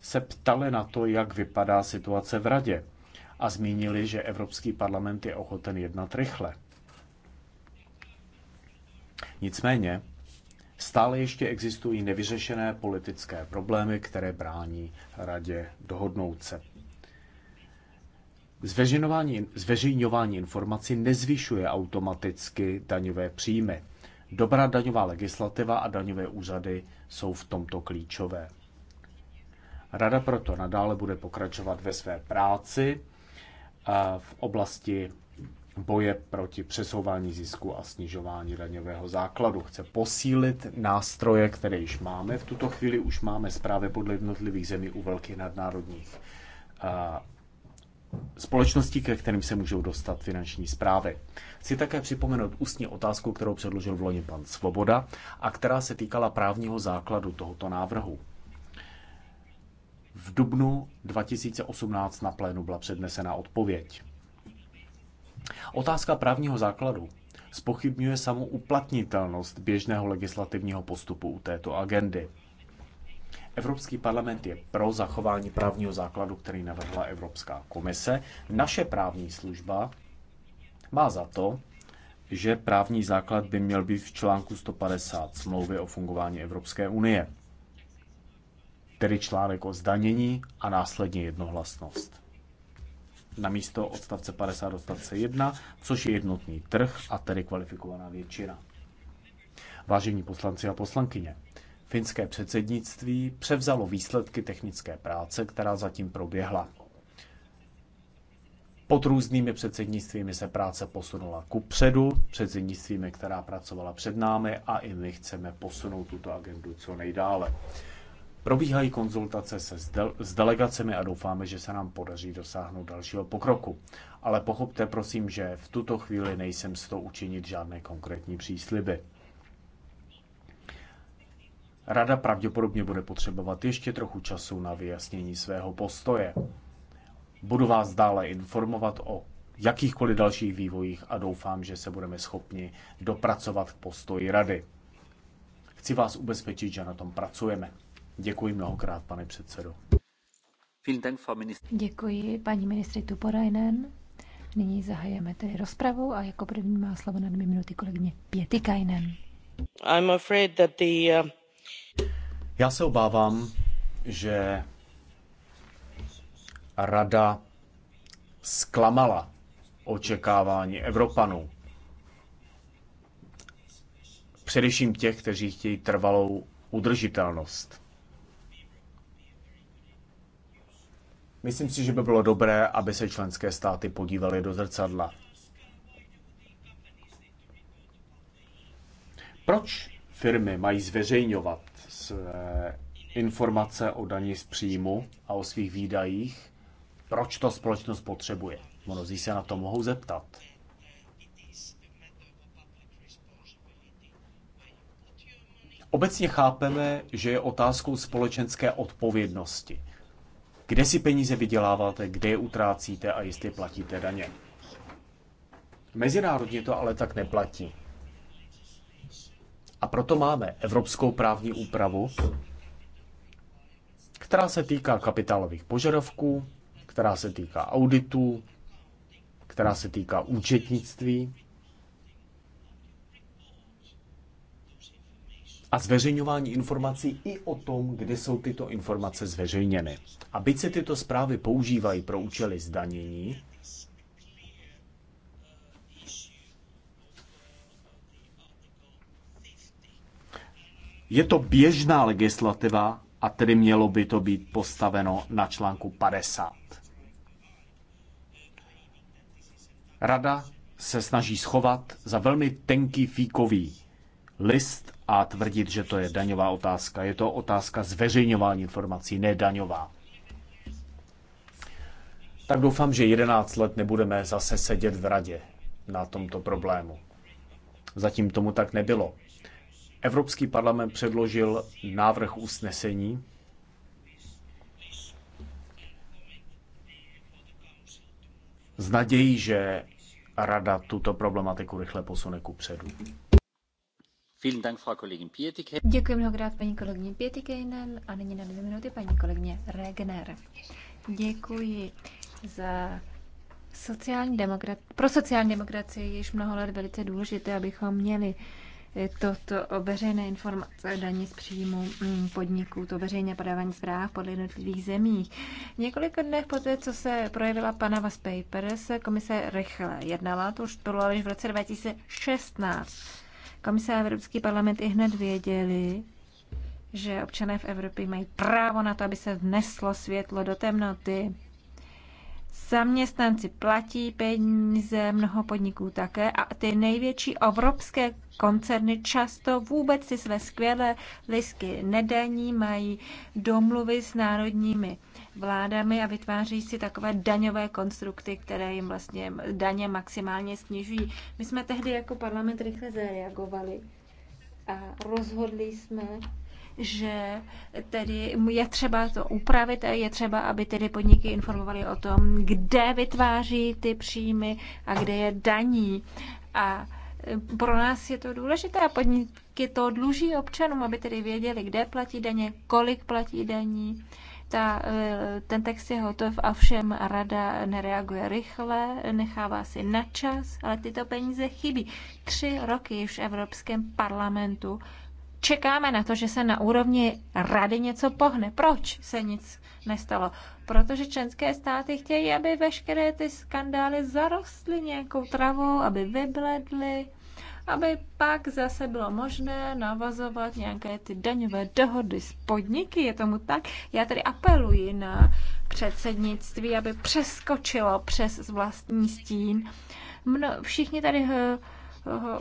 se ptali na to, jak vypadá situace v radě a zmínili, že Evropský parlament je ochoten jednat rychle. Nicméně, stále ještě existují nevyřešené politické problémy, které brání radě dohodnout se. Zveřejňování, zveřejňování informací nezvyšuje automaticky daňové příjmy. Dobrá daňová legislativa a daňové úřady jsou v tomto klíčové. Rada proto nadále bude pokračovat ve své práci v oblasti boje proti přesouvání zisku a snižování daňového základu. Chce posílit nástroje, které již máme. V tuto chvíli už máme zprávy podle jednotlivých zemí u velkých nadnárodních společností, ke kterým se můžou dostat finanční zprávy. Chci také připomenout ústní otázku, kterou předložil v loni pan Svoboda a která se týkala právního základu tohoto návrhu. V dubnu 2018 na plénu byla přednesena odpověď. Otázka právního základu spochybňuje samou uplatnitelnost běžného legislativního postupu u této agendy. Evropský parlament je pro zachování právního základu, který navrhla Evropská komise. Naše právní služba má za to, že právní základ by měl být v článku 150 smlouvy o fungování Evropské unie, tedy článek o zdanění a následně jednohlasnost. Na místo odstavce 50 odstavce 1, což je jednotný trh a tedy kvalifikovaná většina. Vážení poslanci a poslankyně, Finské předsednictví převzalo výsledky technické práce, která zatím proběhla. Pod různými předsednictvími se práce posunula ku předu, předsednictvími, která pracovala před námi a i my chceme posunout tuto agendu co nejdále. Probíhají konzultace se s, s delegacemi a doufáme, že se nám podaří dosáhnout dalšího pokroku. Ale pochopte prosím, že v tuto chvíli nejsem s to učinit žádné konkrétní přísliby. Rada pravděpodobně bude potřebovat ještě trochu času na vyjasnění svého postoje. Budu vás dále informovat o jakýchkoliv dalších vývojích a doufám, že se budeme schopni dopracovat k postoji rady. Chci vás ubezpečit, že na tom pracujeme. Děkuji mnohokrát, pane předsedo.
Děkuji, paní ministry Tuporajnen. Nyní zahajeme tedy rozpravu a jako první má slovo na dvě minuty kolegyně Pětikajnen.
I'm afraid that the, uh... Já se obávám, že rada zklamala očekávání Evropanů. Především těch, kteří chtějí trvalou udržitelnost. Myslím si, že by bylo dobré, aby se členské státy podívaly do zrcadla. Proč firmy mají zveřejňovat své informace o daní z příjmu a o svých výdajích, proč to společnost potřebuje. Mnozí se na to mohou zeptat. Obecně chápeme, že je otázkou společenské odpovědnosti. Kde si peníze vyděláváte, kde je utrácíte a jestli platíte daně. Mezinárodně to ale tak neplatí. A proto máme evropskou právní úpravu, která se týká kapitálových požadavků, která se týká auditů, která se týká účetnictví a zveřejňování informací i o tom, kde jsou tyto informace zveřejněny. A byť se tyto zprávy používají pro účely zdanění, Je to běžná legislativa a tedy mělo by to být postaveno na článku 50. Rada se snaží schovat za velmi tenký fíkový list a tvrdit, že to je daňová otázka. Je to otázka zveřejňování informací, ne daňová. Tak doufám, že 11 let nebudeme zase sedět v radě na tomto problému. Zatím tomu tak nebylo. Evropský parlament předložil návrh usnesení, s nadějí, že Rada tuto problematiku rychle posune ku předu.
Děkuji mnohokrát paní kolegyně Pětikejnen a nyní na dvě minuty paní kolegyně Regner. Děkuji za sociální demokrat... pro sociální demokracii jež již mnoho let velice důležité, abychom měli uh, toto veřejné informace daní z příjmu mm, podniků, to veřejně podávání zpráv podle jednotlivých zemích. Několik dnech poté, co se projevila Panama Papers, komise rychle jednala, to už bylo až v roce 2016. Komise a Evropský parlament i hned věděli, že občané v Evropě mají právo na to, aby se vneslo světlo do temnoty Zaměstnanci platí peníze, mnoho podniků také a ty největší evropské koncerny často vůbec si své skvělé lisky nedaní, mají domluvy s národními vládami a vytváří si takové daňové konstrukty, které jim vlastně daně maximálně snižují. My jsme tehdy jako parlament rychle zareagovali a rozhodli jsme, že tedy je třeba to upravit, je třeba, aby tedy podniky informovaly o tom, kde vytváří ty příjmy a kde je daní. A e, pro nás je to důležité a podniky to dluží občanům, aby tedy věděli, kde platí daně, kolik platí daní. Ta, e, ten text je hotov a všem rada nereaguje rychle, nechává si na čas, ale tyto peníze chybí. Tři roky v Evropském parlamentu čekáme na to, že se na úrovni rady něco pohne. Proč se nic nestalo? Protože členské státy chtějí, aby veškeré ty skandály zarostly nějakou travou, aby vybledly, aby pak zase bylo možné navazovat nějaké ty daňové dohody s podniky. Je tomu tak? Já tedy apeluji na předsednictví, aby přeskočilo přes vlastní stín. Mno, všichni tady eh,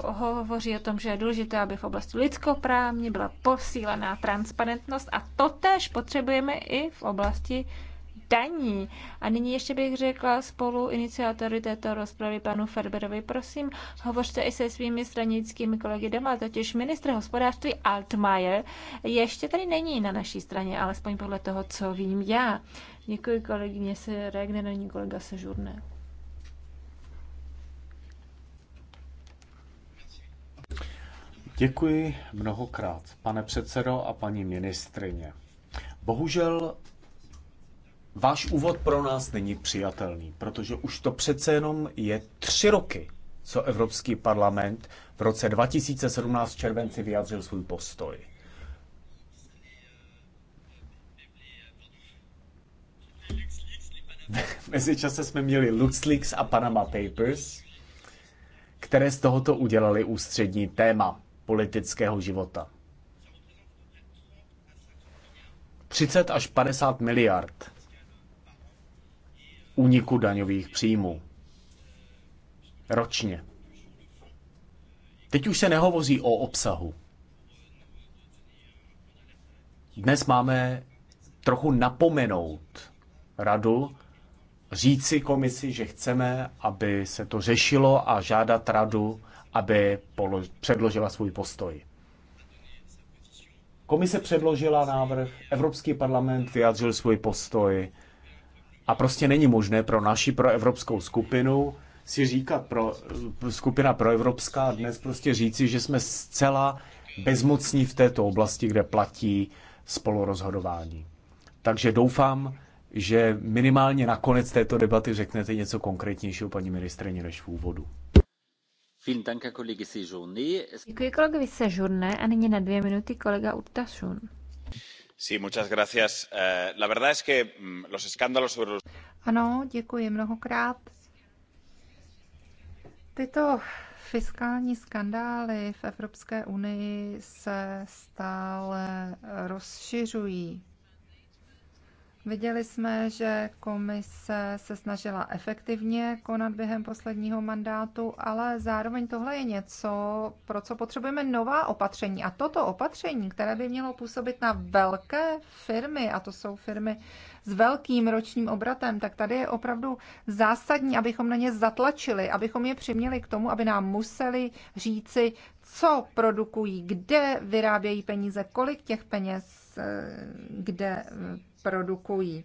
hovoří o tom, že je důležité, aby v oblasti lidskoprávní byla posílená transparentnost a to tež potřebujeme i v oblasti daní. A nyní ještě bych řekla spolu iniciátory této rozpravy panu Ferberovi, prosím, hovořte i se svými stranickými kolegy doma, totiž ministr hospodářství Altmaier ještě tady není na naší straně, alespoň podle toho, co vím já. Děkuji kolegyně se Regner, není kolega Sežurné.
Děkuji mnohokrát, pane předsedo a paní ministrině. Bohužel váš úvod pro nás není přijatelný, protože už to přece jenom je tři roky, co Evropský parlament v roce 2017 v červenci vyjádřil svůj postoj. Mezičase jsme měli LuxLeaks a Panama Papers, které z tohoto udělali ústřední téma politického života. 30 až 50 miliard úniku daňových příjmů ročně. Teď už se nehovoří o obsahu. Dnes máme trochu napomenout radu, říci komisi, že chceme, aby se to řešilo a žádat radu, aby předložila svůj postoj. Komise předložila návrh, Evropský parlament vyjádřil svůj postoj a prostě není možné pro naši proevropskou skupinu si říkat, pro, skupina proevropská dnes prostě říci, že jsme zcela bezmocní v této oblasti, kde platí spolurozhodování. Takže doufám, že minimálně na konec této debaty řeknete něco konkrétnějšího, paní ministrině, než v úvodu.
Děkuji kolegovi Sejourné a nyní na dvě minuty kolega Urtasun.
Ano, děkuji mnohokrát. Tyto fiskální skandály v Evropské unii se stále rozšiřují. Viděli jsme, že komise se snažila efektivně konat během posledního mandátu, ale zároveň tohle je něco, pro co potřebujeme nová opatření. A toto opatření, které by mělo působit na velké firmy, a to jsou firmy s velkým ročním obratem, tak tady je opravdu zásadní, abychom na ně zatlačili, abychom je přiměli k tomu, aby nám museli říci, co produkují, kde vyrábějí peníze, kolik těch peněz, eh, kde produkují.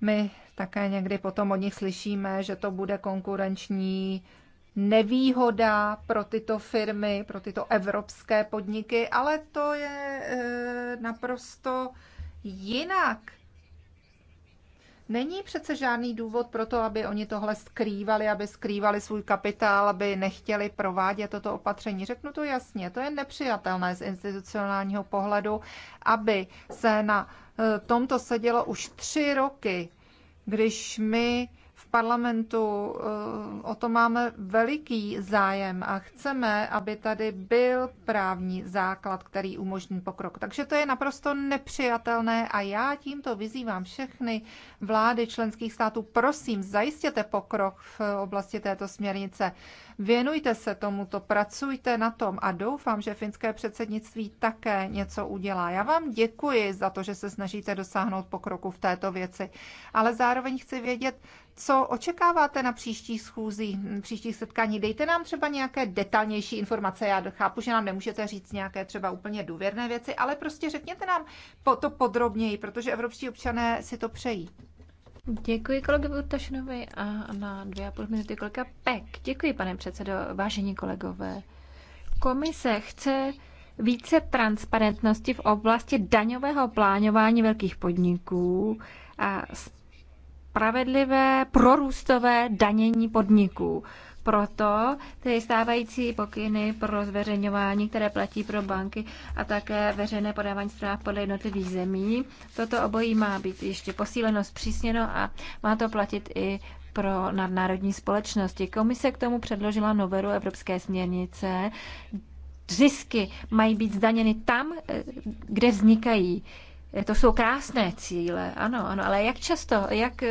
My také někdy potom od nich slyšíme, že to bude konkurenční nevýhoda pro tyto firmy, pro tyto evropské podniky, ale to je eh, naprosto jinak. Není přece žádný důvod pro to, aby oni tohle skrývali, aby skrývali svůj kapitál, aby nechtěli provádět toto opatření. Řeknu to jasně, to je nepřijatelné z institucionálního pohledu, aby se na eh, tomto sedělo už tři roky, když my parlamentu eh, o to máme veliký zájem a chceme, aby tady byl právní základ, který umožní pokrok. Takže to je naprosto nepřijatelné a já tímto vyzývám všechny vlády členských států, prosím, zajistěte pokrok v oblasti této směrnice. Věnujte se tomuto, pracujte na tom a doufám, že finské předsednictví také něco udělá. Já vám děkuji za to, že se snažíte dosáhnout pokroku v této věci, ale zároveň chci vědět, co očekáváte na příští schůzí, příštích setkání. Dejte nám třeba nějaké detailnější informace. Já chápu, že nám nemůžete říct nějaké třeba úplně důvěrné věci, ale prostě řekněte nám to podrobněji, protože evropští občané si to přejí. Děkuji kolegovi Urtašinovi a
na dvě a půl minuty kolega Pek. Děkuji, pane předsedo, vážení kolegové. Komise chce více transparentnosti v oblasti daňového plánování velkých podniků a spravedlivé prorůstové danění podniků. Proto ty stávající pokyny pro zveřejňování, které platí pro banky a také veřejné podávání zpráv podle jednotlivých zemí, toto obojí má být ještě posíleno, zpřísněno a má to platit i pro nadnárodní společnosti. Komise k tomu předložila novelu Evropské směrnice. Zisky mají být zdaněny tam, eh, kde vznikají. To jsou krásné cíle, ano, ano, ale jak často, jak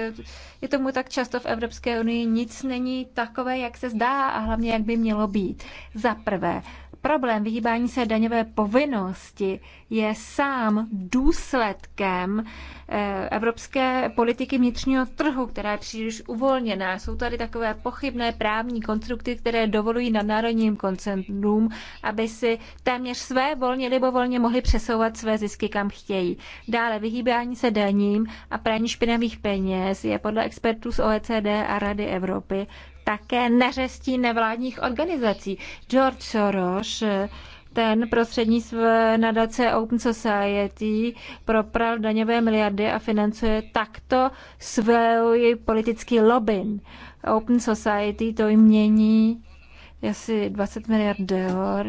je tomu tak často v Evropské unii, nic není takové, jak se zdá a hlavně, jak by mělo být. Za prvé, Problém vyhýbání se daňové povinnosti je sám důsledkem eh, evropské politiky vnitřního trhu, která je příliš uvolněná. Jsou tady takové pochybné právní konstrukty, které dovolují nadnárodním koncernům, aby si téměř své volně libovolně mohli přesouvat své zisky kam chtějí. Dále vyhýbání se daním a praní špinavých peněz je podle expertů z OECD a Rady Evropy také neřestí nevládních organizací. George Soros ten prostřední své nadace Open Society propral daňové miliardy a financuje takto svůj politický lobby. Open Society to jim mění asi 20 miliard dolar.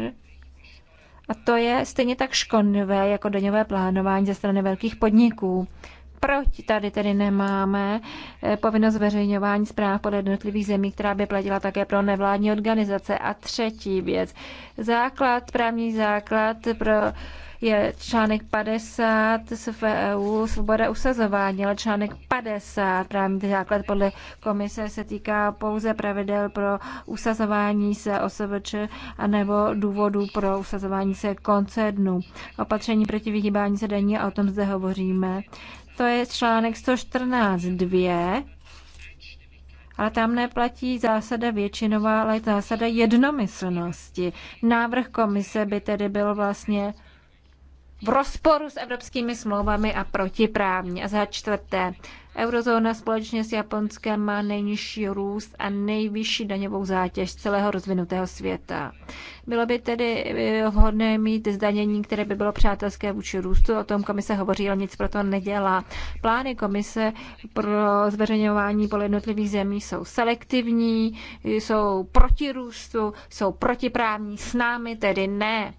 A to je stejně tak škodlivé jako daňové plánování ze strany velkých podniků proč tady tedy nemáme eh, povinnost zveřejňování zpráv podle jednotlivých zemí, která by platila také pro nevládní organizace. A třetí věc, základ, právní základ pro je článek 50 v EU svoboda usazování, ale článek 50 právní základ podle komise se týká pouze pravidel pro usazování se OSVČ a nebo důvodů pro usazování se koncernu. Opatření proti vyhýbání se daní a o tom zde hovoříme to je článek 114.2, ale tam neplatí zásada většinová, ale zásada jednomyslnosti. Návrh komise by tedy byl vlastně v rozporu s evropskými smlouvami a protiprávně. A za čtvrté, eurozóna společně s Japonskem má nejnižší růst a nejvyšší daňovou zátěž celého rozvinutého světa. Bylo by tedy eh, vhodné mít zdanění, které by bylo přátelské vůči růstu. O tom komise hovoří, ale nic proto nedělá. Plány komise pro zveřejňování podle jednotlivých zemí jsou selektivní, jsou proti růstu, jsou protiprávní s námi, tedy ne.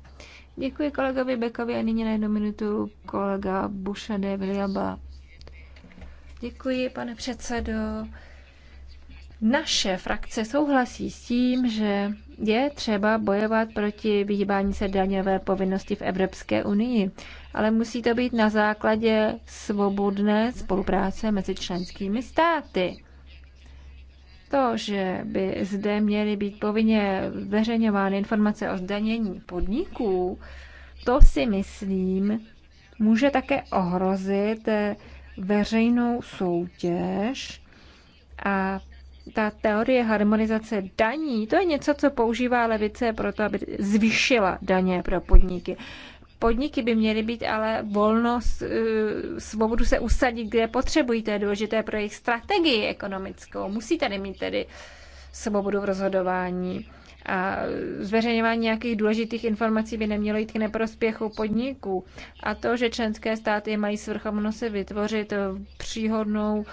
Děkuji kolegovi Bekovi a nyní na jednu minutu kolega Bušade Viliaba. Děkuji, pane předsedo. Naše frakce souhlasí s tím, že je třeba bojovat proti vyhýbání se daňové povinnosti v Evropské unii, ale musí to být na základě svobodné spolupráce mezi členskými státy přesto, že by zde měly být povinně zveřejňovány informace o zdanění podniků, to si myslím, může také ohrozit veřejnou soutěž a ta teorie harmonizace daní, to je něco, co používá levice pro to, aby zvýšila daně pro podniky. Podniky by měly být ale volnost, eh, svobodu se usadit, kde potřebují. To je důležité pro jejich strategii ekonomickou. Musí tady mít tedy svobodu v rozhodování. A zveřejňování nějakých důležitých informací by nemělo jít k neprospěchu podniků. A to, že členské státy mají svrchovnost se vytvořit eh, příhodnou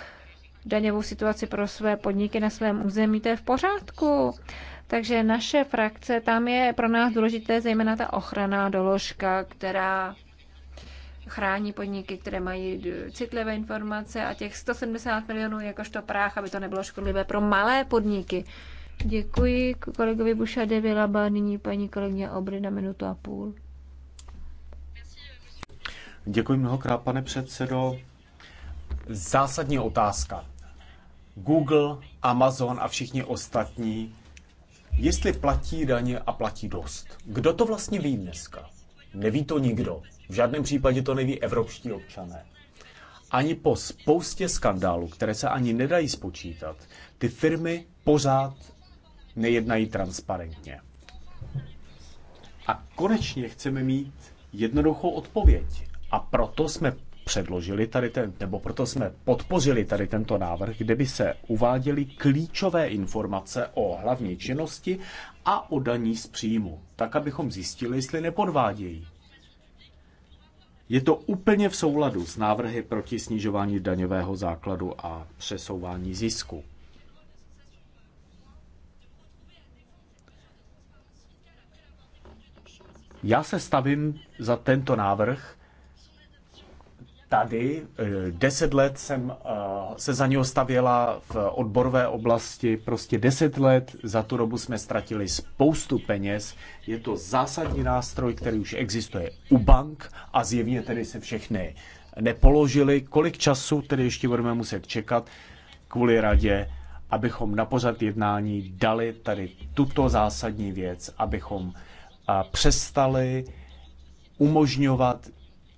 daňovou situaci pro své podniky na svém území, to je v pořádku. Takže naše frakce, tam je pro nás důležité zejména ta ochranná doložka, která chrání podniky, které mají citlivé informace a těch 170 milionů jakožto práh, aby to nebylo škodlivé pro malé podniky. Děkuji kolegovi Bušade Vilaba, nyní paní kolegyně Obry na minutu a půl.
Děkuji mnohokrát, pane předsedo. Zásadní otázka. Google, Amazon a všichni ostatní jestli platí daně a platí dost. Kdo to vlastně ví dneska? Neví to nikdo. V žádném případě to neví evropští občané. Ani po spoustě skandálů, které se ani nedají spočítat, ty firmy pořád nejednají transparentně. A konečně chceme mít jednoduchou odpověď. A proto jsme předložili tady ten, nebo proto jsme podpořili tady tento návrh, kde by se uváděly klíčové informace o hlavní činnosti a o daní z příjmu, tak abychom zjistili, jestli nepodvádějí. Je to úplně v souladu s návrhy proti snižování daňového základu a přesouvání zisku. Já se stavím za tento návrh, tady. Eh, deset let jsem eh, se za něho stavěla v odborové oblasti. Prostě deset let za tu dobu jsme ztratili spoustu peněz. Je to zásadní nástroj, který už existuje u bank a zjevně tedy se všechny nepoložili. Kolik času tedy ještě budeme muset čekat kvůli radě, abychom na pořad jednání dali tady tuto zásadní věc, abychom eh, přestali umožňovat